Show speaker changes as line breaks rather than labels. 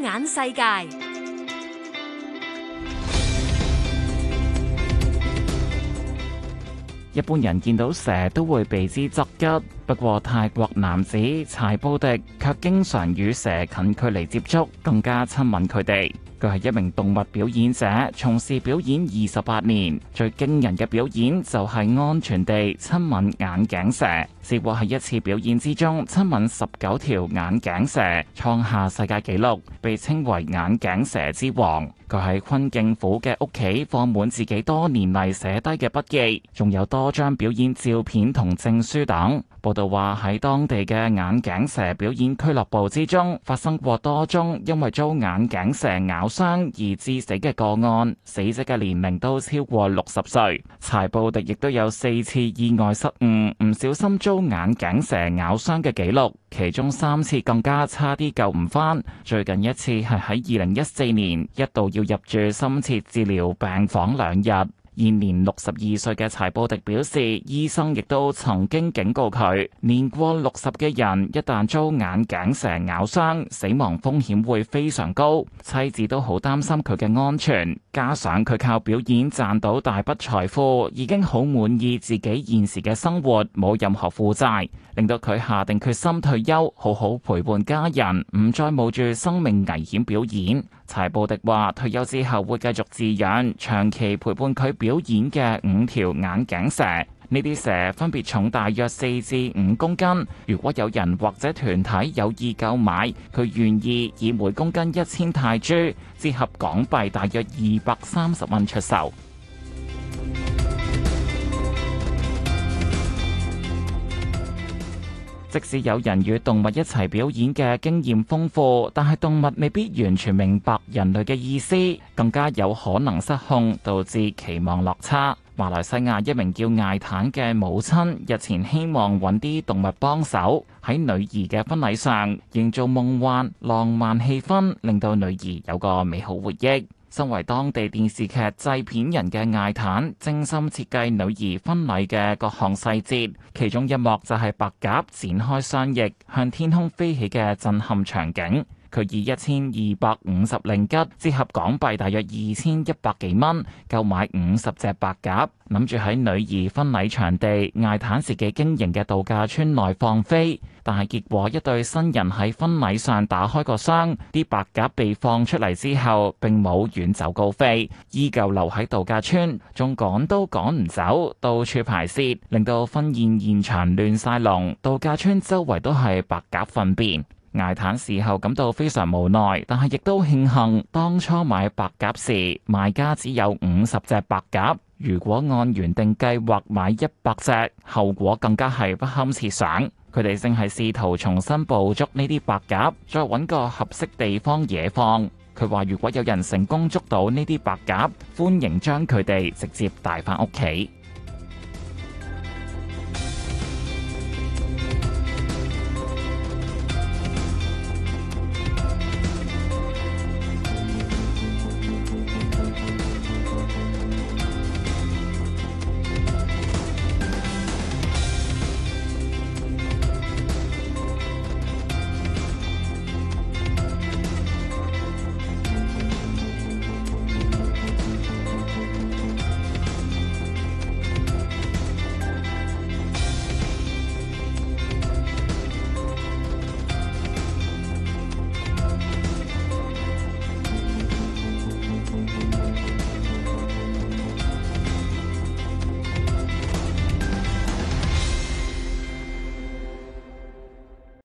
眼世界，一般人見到蛇都會避之則吉，不過泰國男子柴布迪卻經常與蛇近距離接觸，更加親吻佢哋。佢係一名動物表演者，從事表演二十八年。最驚人嘅表演就係安全地親吻眼鏡蛇。試過喺一次表演之中，親吻十九條眼鏡蛇，創下世界紀錄，被稱為眼鏡蛇之王。佢喺坤敬府嘅屋企放滿自己多年嚟寫低嘅筆記，仲有多張表演照片同證書等。報道話喺當地嘅眼鏡蛇表演俱樂部之中，發生過多宗因為遭眼鏡蛇咬傷而致死嘅個案，死者嘅年齡都超過六十歲。柴布迪亦都有四次意外失誤，唔小心遭眼鏡蛇咬傷嘅記錄，其中三次更加差啲救唔返。最近一次係喺二零一四年，一度要入住深切治療病房兩日。現年六十二歲嘅柴波迪表示，醫生亦都曾經警告佢，年過六十嘅人一旦遭眼鏡蛇咬傷，死亡風險會非常高。妻子都好擔心佢嘅安全，加上佢靠表演賺到大筆財富，已經好滿意自己現時嘅生活，冇任何負債，令到佢下定決心退休，好好陪伴家人，唔再冒住生命危險表演。柴布迪話：退休之後會繼續飼養長期陪伴佢表演嘅五條眼鏡蛇，呢啲蛇分別重大約四至五公斤。如果有人或者團體有意購買，佢願意以每公斤一千泰銖，折合港幣大約二百三十蚊出售。即使有人與動物一齊表演嘅經驗豐富，但係動物未必完全明白人類嘅意思，更加有可能失控，導致期望落差。馬來西亞一名叫艾坦嘅母親日前希望揾啲動物幫手，喺女兒嘅婚禮上營造夢幻浪漫氣氛，令到女兒有個美好回憶。身為當地電視劇製片人嘅艾坦，精心設計女兒婚禮嘅各項細節，其中一幕就係白鴿展開雙翼向天空飛起嘅震撼場景。佢以一千二百五十令吉，折合港幣大約二千一百幾蚊，購買五十隻白鴿，諗住喺女兒婚禮場地艾坦自己經營嘅度假村內放飛。但係結果，一對新人喺婚禮上打開個箱，啲白鴿被放出嚟之後，並冇遠走高飛，依舊留喺度假村，仲趕都趕唔走，到處排泄，令到婚宴現，現場亂晒龍，度假村周圍都係白鴿糞便。艾坦事後感到非常無奈，但係亦都慶幸當初買白鴿時賣家只有五十隻白鴿。如果按原定計劃買一百隻，後果更加係不堪設想。佢哋正係試圖重新捕捉呢啲白鴿，再揾個合適地方野放。佢話如果有人成功捉到呢啲白鴿，歡迎將佢哋直接帶翻屋企。